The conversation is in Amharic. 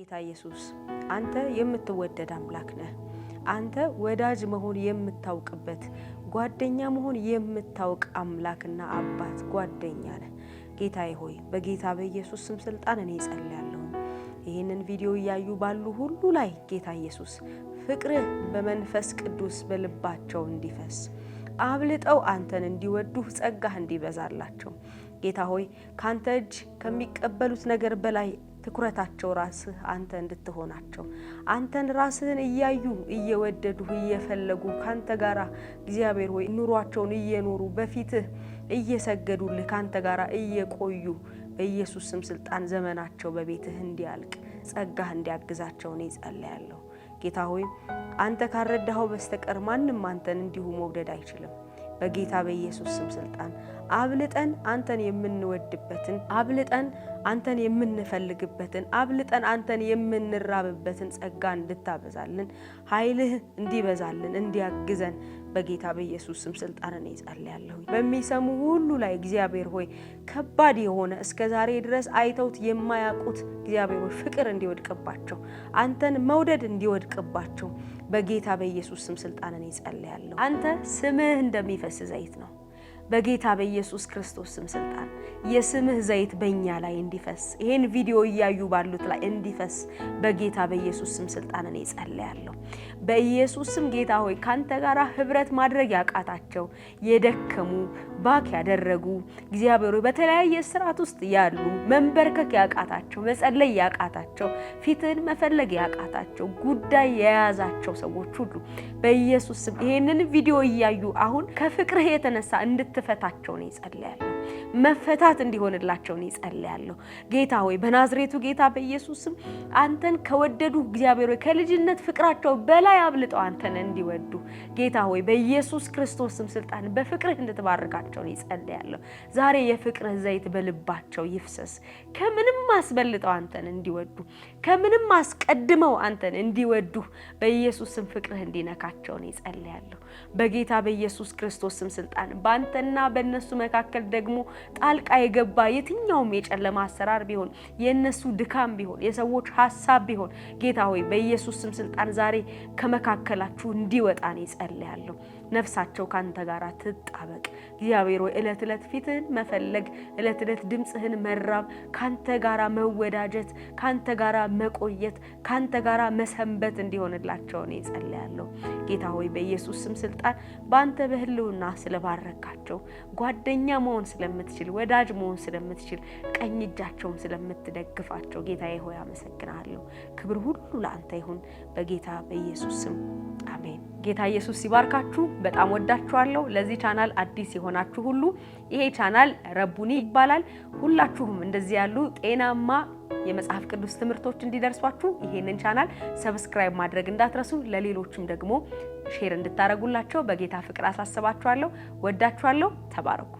ጌታ ኢየሱስ አንተ የምትወደድ አምላክ ነህ። አንተ ወዳጅ መሆን የምታውቅበት ጓደኛ መሆን የምታውቅ አምላክና አባት ጓደኛ ነህ። ጌታዬ ሆይ በጌታ በኢየሱስ ስም ስልጣን እኔ እጸልያለሁ። ይህንን ቪዲዮ እያዩ ባሉ ሁሉ ላይ ጌታ ኢየሱስ ፍቅርህ በመንፈስ ቅዱስ በልባቸው እንዲፈስ አብልጠው አንተን እንዲወዱህ ጸጋህ እንዲበዛላቸው ጌታ ሆይ ካንተ እጅ ከሚቀበሉት ነገር በላይ ትኩረታቸው ራስህ አንተ እንድትሆናቸው አንተን ራስህን እያዩ እየወደዱ እየፈለጉ ካንተ ጋራ እግዚአብሔር ሆይ ኑሯቸውን እየኖሩ በፊትህ እየሰገዱልህ ካንተ ጋራ እየቆዩ በኢየሱስ ስም ስልጣን ዘመናቸው በቤትህ እንዲያልቅ ጸጋህ እንዲያግዛቸው እኔ ጸልያለሁ። ጌታ ሆይ አንተ ካልረዳኸው በስተቀር ማንም አንተን እንዲሁ መውደድ አይችልም። በጌታ በኢየሱስ ስም ስልጣን አብልጠን አንተን የምንወድበትን አብልጠን አንተን የምንፈልግበትን አብልጠን አንተን የምንራብበትን ጸጋ እንድታበዛልን ኃይልህ እንዲበዛልን እንዲያግዘን በጌታ በኢየሱስ ስም ስልጣንን እጸልያለሁ። በሚሰሙ ሁሉ ላይ እግዚአብሔር ሆይ ከባድ የሆነ እስከ ዛሬ ድረስ አይተውት የማያውቁት እግዚአብሔር ሆይ ፍቅር እንዲወድቅባቸው፣ አንተን መውደድ እንዲወድቅባቸው በጌታ በኢየሱስ ስም ስልጣንን እጸልያለሁ። አንተ ስምህ እንደሚፈስ ዘይት ነው። በጌታ በኢየሱስ ክርስቶስ ስም ስልጣን የስምህ ዘይት በእኛ ላይ እንዲፈስ ይህን ቪዲዮ እያዩ ባሉት ላይ እንዲፈስ በጌታ በኢየሱስ ስም ስልጣን እኔ ጸልያለሁ። በኢየሱስ ስም ጌታ ሆይ ካንተ ጋር ህብረት ማድረግ ያቃታቸው የደከሙ ባክ ያደረጉ እግዚአብሔር በተለያየ ስርዓት ውስጥ ያሉ መንበርከክ ያቃታቸው መጸለይ ያቃታቸው ፊትህን መፈለግ ያቃታቸው ጉዳይ የያዛቸው ሰዎች ሁሉ በኢየሱስ ስም ይህንን ቪዲዮ እያዩ አሁን ከፍቅርህ የተነሳ እንድት መፈታታቸውን ይጸልያለሁ። መፈታት እንዲሆንላቸውን ይጸልያለሁ። ጌታ ሆይ በናዝሬቱ ጌታ በኢየሱስም አንተን ከወደዱ እግዚአብሔር ሆይ ከልጅነት ፍቅራቸው በላይ አብልጠው አንተን እንዲወዱ ጌታ ሆይ በኢየሱስ ክርስቶስም ስልጣን በፍቅርህ እንድትባርካቸውን ይጸልያለሁ። ዛሬ የፍቅርህ ዘይት በልባቸው ይፍሰስ። ከምንም አስበልጠው አንተን እንዲወዱ፣ ከምንም አስቀድመው አንተን እንዲወዱ በኢየሱስም ስም ፍቅርህ እንዲነካቸውን ይጸልያለሁ። በጌታ በኢየሱስ ክርስቶስ ስም ስልጣን በአንተና በእነሱ መካከል ደግሞ ጣልቃ የገባ የትኛውም የጨለማ አሰራር ቢሆን የእነሱ ድካም ቢሆን የሰዎች ሀሳብ ቢሆን ጌታ ሆይ በኢየሱስ ስም ስልጣን ዛሬ ከመካከላችሁ እንዲወጣ ነው ይጸልያለሁ። ነፍሳቸው ከአንተ ጋር ትጣበቅ። እግዚአብሔር ሆይ እለት ዕለት ፊትህን መፈለግ፣ እለት ዕለት ድምፅህን መራብ፣ ከአንተ ጋር መወዳጀት፣ ከአንተ ጋር መቆየት፣ ከአንተ ጋር መሰንበት እንዲሆንላቸው ነው ይጸልያለሁ። ጌታ ሆይ በኢየሱስ ስም ስልጣን በአንተ በህልውና ስለባረካቸው ጓደኛ መሆን ስለምትችል ወዳጅ መሆን ስለምትችል ቀኝ እጃቸውን ስለምትደግፋቸው ጌታዬ ሆይ አመሰግናለሁ። ክብር ሁሉ ለአንተ ይሁን በጌታ በኢየሱስ ስም አሜን። ጌታ ኢየሱስ ሲባርካችሁ። በጣም ወዳችኋለሁ። ለዚህ ቻናል አዲስ የሆናችሁ ሁሉ ይሄ ቻናል ረቡኒ ይባላል። ሁላችሁም እንደዚህ ያሉ ጤናማ የመጽሐፍ ቅዱስ ትምህርቶች እንዲደርሷችሁ ይሄንን ቻናል ሰብስክራይብ ማድረግ እንዳትረሱ። ለሌሎችም ደግሞ ሼር እንድታደርጉላቸው በጌታ ፍቅር አሳስባችኋለሁ። ወዳችኋለሁ። ተባረኩ።